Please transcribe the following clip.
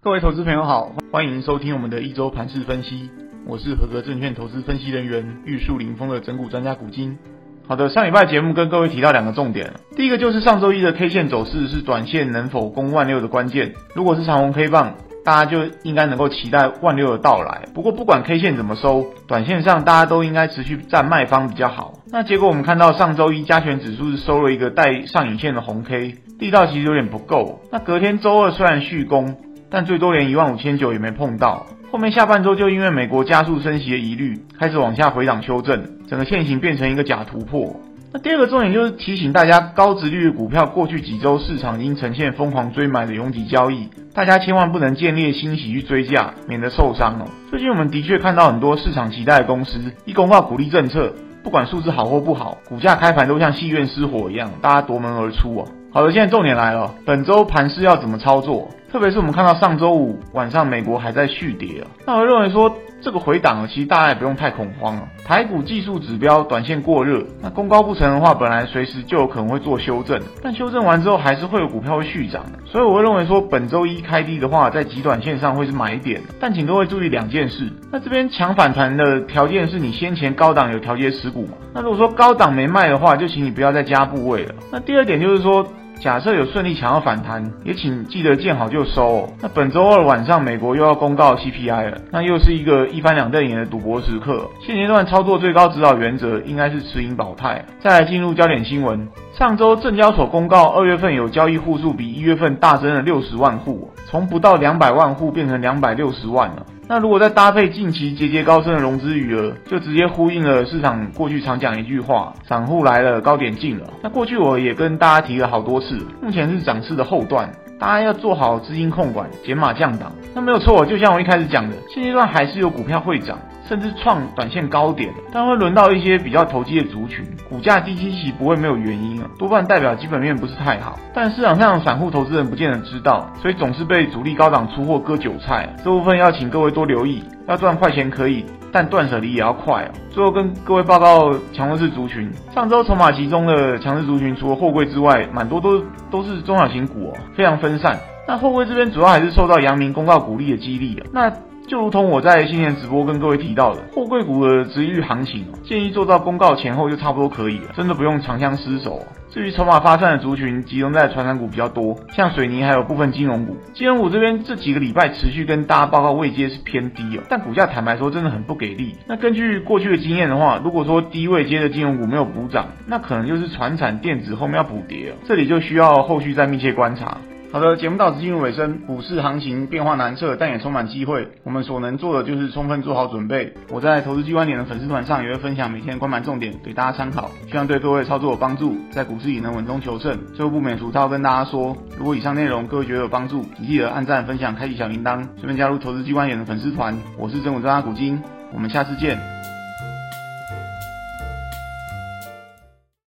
各位投資朋友好，歡迎收聽我們的一周盤勢分析。我是合格證券投資分析人員玉樹臨風的拯股專家股晶。好的，上禮拜節目跟各位提到兩個重點，第一個就是上周一的 K 線走勢是短線能否攻萬六的關鍵。如果是長紅 K 棒，大家就應該能夠期待萬六的到來。不過不管 K 線怎麼收，短線上大家都應該持續站賣方比較好。那結果我們看到上周一加權指數是收了一個帶上影線的紅 K，力道其實有點不夠。那隔天周二雖然續攻。但最多連一萬五千九也沒碰到，後面下半周就因為美國加速升息的疑慮，開始往下回檔修正，整個線型變成一個假突破。那第二個重點就是提醒大家，高殖率的股票過去幾周市場已經呈現瘋狂追買的擁擠交易，大家千萬不能見獵心喜去追價，免得受傷哦。最近我們的確看到很多市場期待的公司一公告股利政策，不管數字好或不好，股價開盤都像戲院失火一樣，大家奪門而出哦、啊。好的，現在重點來了，本周盤勢要怎麼操作？特別是我們看到上周五晚上，美國還在續跌啊。那我認為說，這個回檔其實大家也不用太恐慌了啊。台股技術指標短線過熱，那攻高不成的話，本來隨時就有可能會做修正。但修正完之後，還是會有股票會續漲啊。所以我會認為說，本周一開低的話，在極短線上會是買一點。但請各位注意兩件事：那這邊搶反彈的條件是你先前高檔有調節持股嘛？那如果說高檔沒賣的話，就請你不要再加部位了。那第二點就是說。假設有順利想要反彈，也請記得見好就收哦。那本周二晚上，美國又要公告 CPI 了，那又是一個一翻兩瞪眼的賭博時刻。現階段操作最高指導原則應該是持盈保泰。再來進入焦點新聞，上周證交所公告，二月份有交易戶數比一月份大增了六十萬戶。從不到兩百萬戶，變成兩百六十萬了。那如果再搭配近期節節高升的融資餘額，就直接呼應了市場過去常講一句話：散戶來了，高點近了。那過去我也跟大家提了好多次，目前是漲勢的後段，大家要做好資金控管，減碼降檔。那沒有錯，就像我一開始講的，現階段還是有股票會漲。甚至創短線高點，但會輪到一些比較投機的族群，股價低其實不會沒有原因啊，多半代表基本面不是太好。但市場上散戶投資人不見得知道，所以總是被主力高檔出貨割韭菜。這部分要請各位多留意，要賺快錢可以，但斷捨離也要快。最後跟各位報告強勢族群，上週籌碼集中的強勢族群，除了貨櫃之外，蠻多都都是中小型股哦，非常分散。那貨櫃這邊主要還是受到陽明公告股利的激勵啊。那就如同我在新年直播跟各位提到的，貨櫃股的殖利行情，建議做到公告前後就差不多可以了，真的不用長相廝守了。至於籌碼發散的族群，集中在傳產股比較多，像水泥還有部分金融股。金融股這邊這幾個禮拜持續跟大家報告位階是偏低了，但股價坦白說真的很不給力。那根據過去的經驗的話，如果說低位階的金融股沒有補漲，那可能就是傳產、電子後面要補跌，這裡就需要後續再密切觀察。好的，節目到此進入尾聲。股市行情變化難測，但也充滿機會。我們所能做的就是充分做好準備。我在投資 G 觀點的粉絲團上也會分享每天觀盤重點，給大家參考，希望對各位操作有幫助，在股市也能穩中求勝。最後部不免俗套，跟大家說，如果以上內容各位覺得有幫助，記得按讚、分享、開啟小鈴鐺，順便加入投資 G 觀點的粉絲團。我是真午張阿股晶，我們下次見。